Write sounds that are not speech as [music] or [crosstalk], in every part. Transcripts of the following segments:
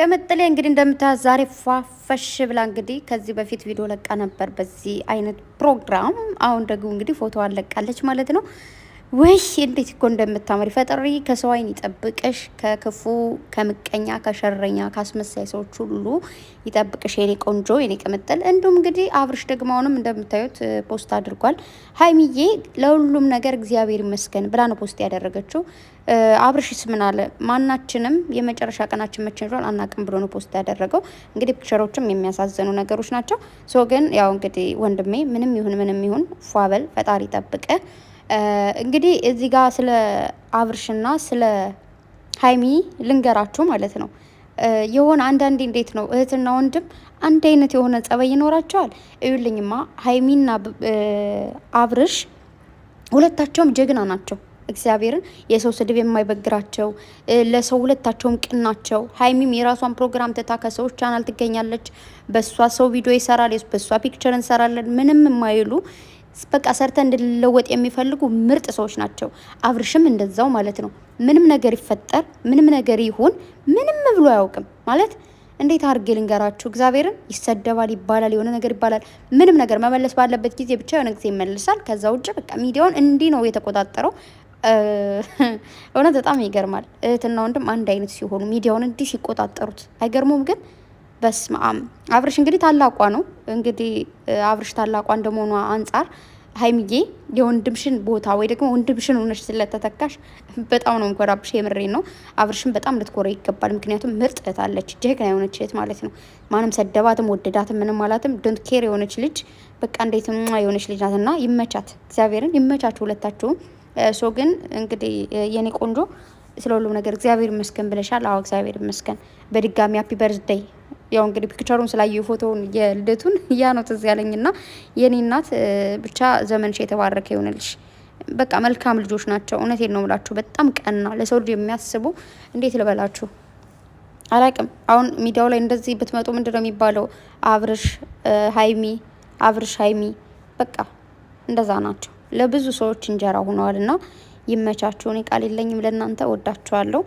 ቅምጥሌ እንግዲህ እንደምታያት ዛሬ ፏፈሽ ብላ እንግዲህ ከዚህ በፊት ቪዲዮ ለቃ ነበር በዚህ አይነት ፕሮግራም። አሁን ደግሞ እንግዲህ ፎቶ አለቃለች ማለት ነው። ወይሽ እንዴት እኮ እንደምታምሪ ፈጣሪ ከሰው አይን ይጠብቅሽ፣ ከክፉ ከምቀኛ፣ ከሸረኛ፣ ከአስመሳይ ሰዎች ሁሉ ይጠብቅሽ የኔ ቆንጆ የኔ ቅምጥል። እንዲሁም እንግዲህ አብርሽ ደግሞ አሁንም እንደምታዩት ፖስት አድርጓል። ሀይሚዬ ለሁሉም ነገር እግዚአብሔር ይመስገን ብላ ነው ፖስት ያደረገችው። አብርሽስ ምን አለ? ማናችንም የመጨረሻ ቀናችን መቼ እንደሆነ አናቅም ብሎ ነው ፖስት ያደረገው። እንግዲህ ፒክቸሮችም የሚያሳዝኑ ነገሮች ናቸው። ሶ ግን ያው እንግዲህ ወንድሜ ምንም ይሁን ምንም ይሁን ፏበል ፈጣሪ ጠብቀ እንግዲህ እዚህ ጋር ስለ አብርሽና ስለ ሀይሚ ልንገራችሁ ማለት ነው። የሆነ አንዳንዴ እንዴት ነው እህትና ወንድም አንድ አይነት የሆነ ጸባይ ይኖራቸዋል። እዩልኝማ ሀይሚና አብርሽ ሁለታቸውም ጀግና ናቸው። እግዚአብሔርን የሰው ስድብ የማይበግራቸው ለሰው ሁለታቸውም ቅን ናቸው። ሀይሚም የራሷን ፕሮግራም ትታ ከሰዎች ቻናል ትገኛለች። በእሷ ሰው ቪዲዮ ይሰራል፣ በእሷ ፒክቸር እንሰራለን ምንም የማይሉ በቃ ሰርተ እንድለወጥ የሚፈልጉ ምርጥ ሰዎች ናቸው። አብርሽም እንደዛው ማለት ነው። ምንም ነገር ይፈጠር፣ ምንም ነገር ይሁን፣ ምንም ብሎ አያውቅም ማለት እንዴት አድርጌ ልንገራችሁ? እግዚአብሔርን ይሰደባል፣ ይባላል፣ የሆነ ነገር ይባላል። ምንም ነገር መመለስ ባለበት ጊዜ ብቻ የሆነ ጊዜ ይመልሳል። ከዛ ውጭ በቃ ሚዲያውን እንዲህ ነው የተቆጣጠረው። እውነት በጣም ይገርማል። እህትና ወንድም አንድ አይነት ሲሆኑ ሚዲያውን እንዲህ ሲቆጣጠሩት አይገርሙም ግን በስማም አብርሽ እንግዲህ ታላቋ ነው። እንግዲህ አብርሽ ታላቋ እንደመሆኗ አንጻር ሀይሚዬ የወንድምሽን ቦታ ወይ ደግሞ ወንድምሽን ሆነሽ ስለተተካሽ በጣም ነው ምኮራብሽ። የምሬ ነው። አብርሽን በጣም ልትኮራ ይገባል። ምክንያቱም ምርጥ እህት አለች፣ ጀግና የሆነች እህት ማለት ነው። ማንም ሰደባትም ወደዳትም ምንም ማለትም ዶንት ኬር የሆነች ልጅ በቃ እንዴት የሆነች ልጅ ናት። እና ይመቻት፣ እግዚአብሔርን ይመቻችሁ ሁለታችሁም። ሶ ግን እንግዲህ የኔ ቆንጆ ስለ ሁሉም ነገር እግዚአብሔር ይመስገን ብለሻል። አዎ እግዚአብሔር ይመስገን። በድጋሚ ሀፒ በርዝደይ ያው እንግዲህ ፒክቸሩን ስላየ ፎቶውን የልደቱን [laughs] ያ ነው ትዝ ያለኝ። ና የኔ እናት ብቻ ዘመንሽ የተባረከ ይሆንልሽ። በቃ መልካም ልጆች ናቸው። እውነቴን ነው ምላችሁ። በጣም ቀና ለሰው ልጅ የሚያስቡ እንዴት ልበላችሁ አላቅም። አሁን ሚዲያው ላይ እንደዚህ ብትመጡ ምንድነው የሚባለው? አብርሽ ሀይሚ፣ አብርሽ ሀይሚ፣ በቃ እንደዛ ናቸው። ለብዙ ሰዎች እንጀራ ሆነዋል ና ይመቻችሁ። እኔ ቃል የለኝም ለእናንተ ወዳችኋለሁ።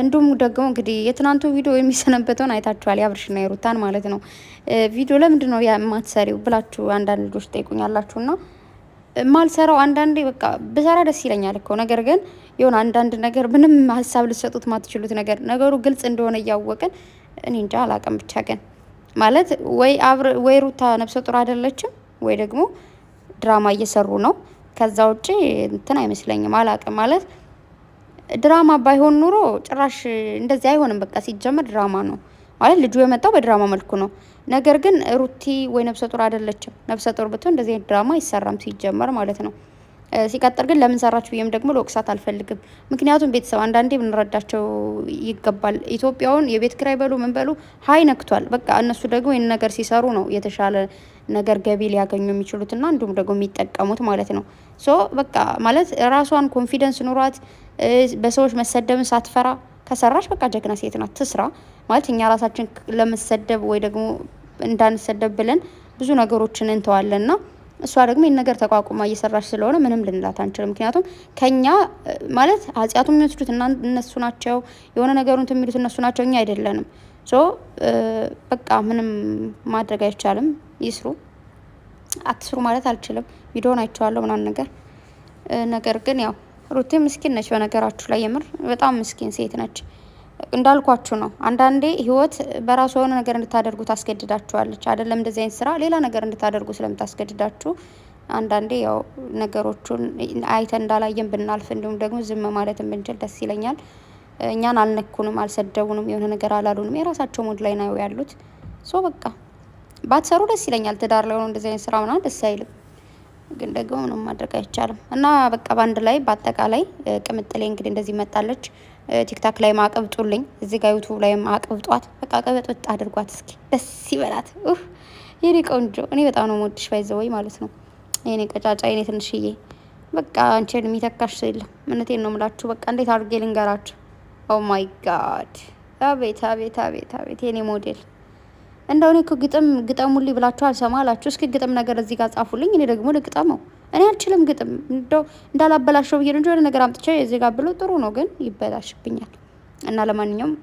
እንዲሁም ደግሞ እንግዲህ የትናንቱ ቪዲዮ የሚሰነበተውን አይታችኋል፣ የአብርሽና የሩታን ማለት ነው። ቪዲዮ ለምንድን ነው የማትሰሪው ብላችሁ አንዳንድ ልጆች ጠይቁኛላችሁና ማልሰራው አንዳንዴ በቃ ብሰራ ደስ ይለኛል እኮ ነገር ግን የሆነ አንዳንድ ነገር ምንም ሀሳብ ልሰጡት ማትችሉት ነገር ነገሩ ግልጽ እንደሆነ እያወቅን እኔ እንጃ አላቅም ብቻ ግን ማለት ወይ አብር ወይ ሩታ ነብሰ ጡር አይደለችም ወይ ደግሞ ድራማ እየሰሩ ነው። ከዛ ውጪ እንትን አይመስለኝም። አላቅም ማለት ድራማ ባይሆን ኑሮ ጭራሽ እንደዚህ አይሆንም። በቃ ሲጀመር ድራማ ነው ማለት ልጁ የመጣው በድራማ መልኩ ነው። ነገር ግን ሩቲ ወይ ነብሰ ጡር አይደለችም። ነብሰ ጡር ብትሆን እንደዚህ አይነት ድራማ አይሰራም ሲጀመር ማለት ነው። ሲቀጥል ግን ለምን ሰራች ብዬም ደግሞ ለወቅሳት አልፈልግም። ምክንያቱም ቤተሰብ አንዳንዴ ብንረዳቸው ይገባል። ኢትዮጵያውን የቤት ክራይ በሉ ምን በሉ ሀይ ነክቷል። በቃ እነሱ ደግሞ ይህን ነገር ሲሰሩ ነው የተሻለ ነገር ገቢ ሊያገኙ የሚችሉትና እንዲሁም ደግሞ የሚጠቀሙት ማለት ነው። ሶ በቃ ማለት ራሷን ኮንፊደንስ ኑሯት በሰዎች መሰደብን ሳትፈራ ከሰራች በቃ ጀግና ሴት ናት። ትስራ ማለት እኛ ራሳችን ለመሰደብ ወይ ደግሞ እንዳንሰደብ ብለን ብዙ ነገሮችን እንተዋለን ና እሷ ደግሞ ይህን ነገር ተቋቁማ እየሰራች ስለሆነ ምንም ልንላት አንችልም። ምክንያቱም ከኛ ማለት ኃጢአቱም የሚወስዱት እነሱ ናቸው፣ የሆነ ነገሩን የሚሉት እነሱ ናቸው፣ እኛ አይደለንም። ሶ በቃ ምንም ማድረግ አይቻልም። ይስሩ አትስሩ ማለት አልችልም። ቪዲዮን አይቼዋለሁ ምናምን ነገር ነገር ግን ያው ሩቴ ምስኪን ነች። በነገራችሁ ላይ የምር በጣም ምስኪን ሴት ነች። እንዳልኳችሁ ነው። አንዳንዴ ህይወት በራሱ የሆነ ነገር እንድታደርጉ ታስገድዳችኋለች። አይደለም እንደዚህ አይነት ስራ ሌላ ነገር እንድታደርጉ ስለምታስገድዳችሁ አንዳንዴ ያው ነገሮቹን አይተን እንዳላየን ብናልፍ እንዲሁም ደግሞ ዝም ማለትን ብንችል ደስ ይለኛል። እኛን አልነኩንም፣ አልሰደቡንም፣ የሆነ ነገር አላሉንም። የራሳቸው ሞድ ላይ ነው ያሉት። ሶ በቃ ባትሰሩ ደስ ይለኛል። ትዳር ላይ ሆኖ እንደዚህ አይነት ስራ ምናምን ደስ አይልም፣ ግን ደግሞ ምንም ማድረግ አይቻልም። እና በቃ በአንድ ላይ በአጠቃላይ ቅምጥሌ እንግዲህ እንደዚህ መጣለች። ቲክታክ ላይ ማቀብጡልኝ፣ እዚህ ጋር ዩቱብ ላይ ማቀብጧት። በቃ ቀበጥብጥ አድርጓት እስኪ ደስ ይበላት። የኔ ቆንጆ እኔ በጣም ነው ሞድሽ፣ ባይዘወይ ማለት ነው የኔ ቀጫጫ፣ የኔ ትንሽዬ። በቃ አንቺን የሚተካሽ የለም። እውነቴን ነው የምላችሁ። በቃ እንዴት አድርጌ ልንገራችሁ ኦ ማይ ጋድ! አቤት አቤት አቤት አቤት! የኔ ሞዴል እንደው እኔ እኮ ግጥም ግጠሙልኝ ብላችሁ አልሰማ አላችሁ። እስኪ ግጥም ነገር እዚህ ጋር ጻፉልኝ፣ እኔ ደግሞ ልግጠመው። እኔ አልችልም ግጥም እንደው እንዳላበላሸው ብዬ እንጂ የሆነ ነገር አምጥቼ እዚህ ጋር ብሎ ጥሩ ነው፣ ግን ይበላሽብኛል። እና ለማንኛውም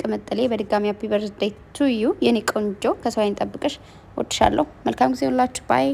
ቅምጥሌ በድጋሚ ሃፒ በርዝዴይ ቱ ዩ የኔ ቆንጆ፣ ከሰው አይን ጠብቀሽ። ወድሻለሁ። መልካም ጊዜ ሁላችሁ። ባይ